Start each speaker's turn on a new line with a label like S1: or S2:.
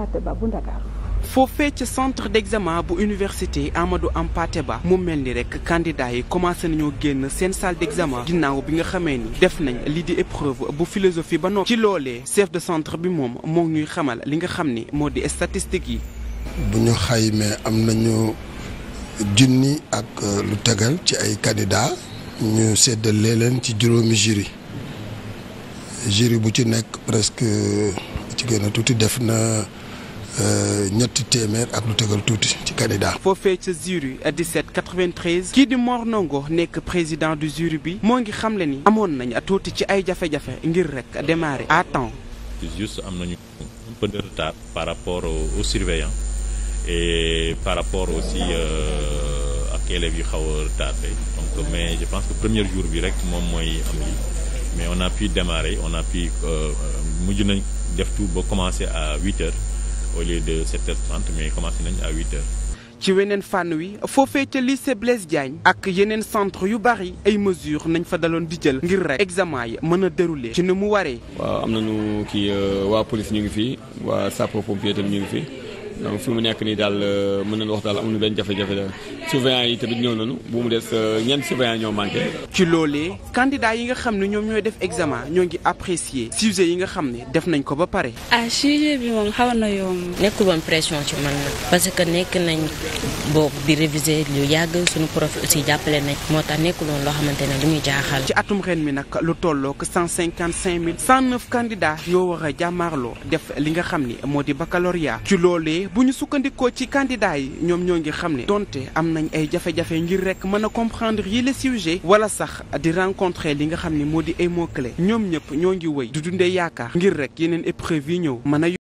S1: Hampâté Bâ bu Ndakaaru foofee centre d'examen bu université Amadou Hampâté Bâ mu mel ni rek candidat yi commencé nañoo génn seen salle d'examen ginaaw bi nga xamee ni def nañ lii di épreuve bu philosophie ba noppi. ci loolee chef de centre bi moom moo ñuy xamal li nga xam ni moo di statistiques yi.
S2: bu ñu xaymee am nañu junni ak euh, lu tegal ci ay candidats ñu séddale leen ci juróomi jury jury bu ci nekk presque euh, ci gën tuuti def na. Euh, ñetti téeméer ak lu tegal tuuti ci candidat.
S1: foofee ca jury 17 93. kii di Mor Ndongo nekk président du jury bi. moo ngi xamle ni. amoon nañ tuuti ci ay jafe-jafe ngir rek démarrer à temps.
S3: juste am nañu un peu de par rapport aux surveillants et par rapport aussi euh, ak élèves yu xaw a donc mais je pense que premier jour bi rek moom mooy am lii mais on a pu démarrer on a pu euh, mujj nañ def tout ba commencer à 8 heures. au lieu de 7 mais commencé nañ à
S1: ci weneen fànn wi foofee ca lycée Blaise Diagne ak yeneen centre yu bari ay mesures nañ fa daloon di jël ngir rek examen yi mën a dérouler ci ne mu waree.
S2: waaw am nañu kii euh, waa police ñu ngi fii waa sapeur pompier tam ñu ngi fii donc fi mu nekk nii daal euh, mën nañu wax daal amuñu benn jafe-jafe daal surveillant yi tamit ñëw nañu bu mu des euh, ñeent surveillant ñoo manqué. ci loolee
S1: candidat yi nga xam ne ñoom ñooy def examen ñoo ngi apprécier sujet yi nga xam ni def nañ ko ba pare.
S2: ah sujet bi moom xaw na yomb.
S1: nekkul woon pression ci man nag parce que nekk nañ boobu di réviser lu yàgg suñu prof si jàppale nañ moo tax nekkul woon loo xamante ne lu muy jaaxal. ci atum ren mi nag lu tollook cent cinquante cinq mille cent neuf candidats yoo war a jàmmaarloo def li nga xam ni moo di baccalauréat ci loolee bu ñu sukkandikoo ci candidat yi ñoom ñoo ngi xam ne donte am nañ ay jafe-jafe ngir rek mën a comprendre yi les sujets wala sax di rencontrer li nga xam ne moo di ay mots ñoom ñëpp ñoo ngi wëy du dundee yaakaar ngir rek yeneen épreuve yi ñëw mën a